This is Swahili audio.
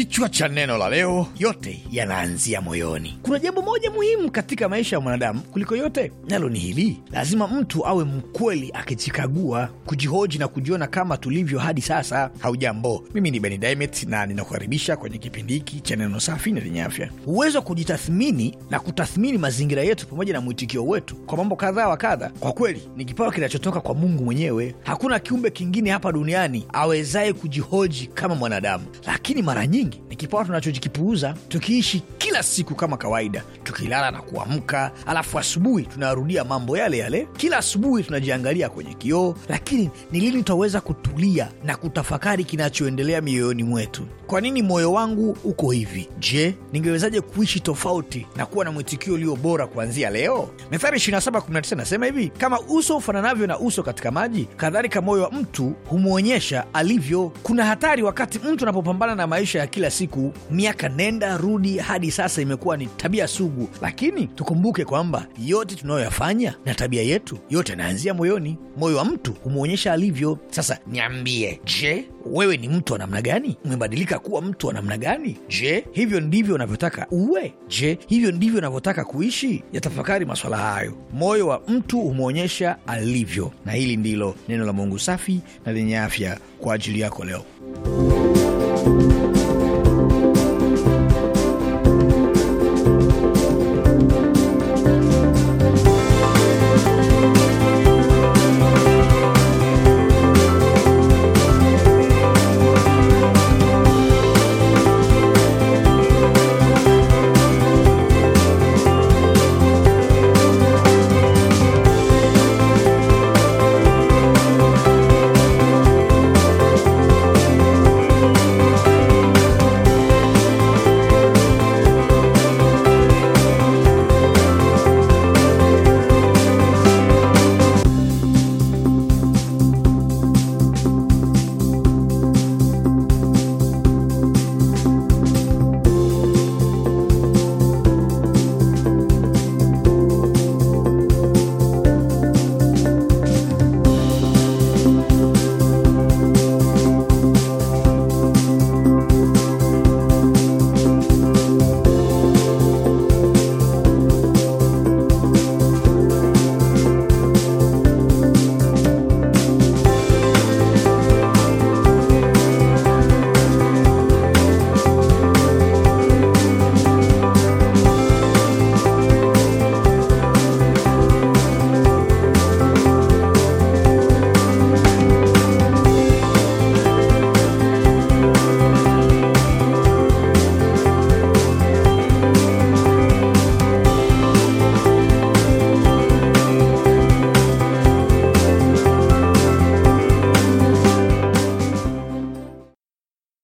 Kichwa cha neno la leo, yote yanaanzia moyoni. Kuna jambo moja muhimu katika maisha ya mwanadamu kuliko yote, nalo ni hili: lazima mtu awe mkweli, akijikagua, kujihoji na kujiona kama tulivyo hadi sasa. Haujambo, mimi ni Ben Dimet na ninakukaribisha kwenye kipindi hiki cha neno safi na lenye afya. Uwezo wa kujitathmini na kutathmini mazingira yetu pamoja na mwitikio wetu kwa mambo kadha wa kadha, kwa kweli ni kipawa kinachotoka kwa Mungu mwenyewe. Hakuna kiumbe kingine hapa duniani awezaye kujihoji kama mwanadamu, lakini mara nyingi nyingi ni kipawa tunachokipuuza tukiishi kila siku kama kawaida tukilala na kuamka alafu asubuhi tunarudia mambo yale yale kila asubuhi tunajiangalia kwenye kioo lakini ni lini tutaweza kutulia na kutafakari kinachoendelea mioyoni mwetu kwa nini moyo wangu uko hivi je ningewezaje kuishi tofauti na kuwa na mwitikio ulio bora kuanzia leo methari 2719 nasema hivi kama uso ufananavyo na uso katika maji kadhalika moyo wa mtu humwonyesha alivyo kuna hatari wakati mtu anapopambana na maisha ya kila siku, miaka nenda rudi, hadi sasa imekuwa ni tabia sugu. Lakini tukumbuke kwamba yote tunayoyafanya na tabia yetu yote yanaanzia moyoni. Moyo wa mtu humwonyesha alivyo. Sasa niambie, je, wewe ni mtu wa namna gani? Umebadilika kuwa mtu wa namna gani? Je, hivyo ndivyo unavyotaka uwe? Je, hivyo ndivyo unavyotaka kuishi? Yatafakari maswala hayo. Moyo wa mtu humwonyesha alivyo, na hili ndilo neno la Mungu safi na lenye afya kwa ajili yako leo.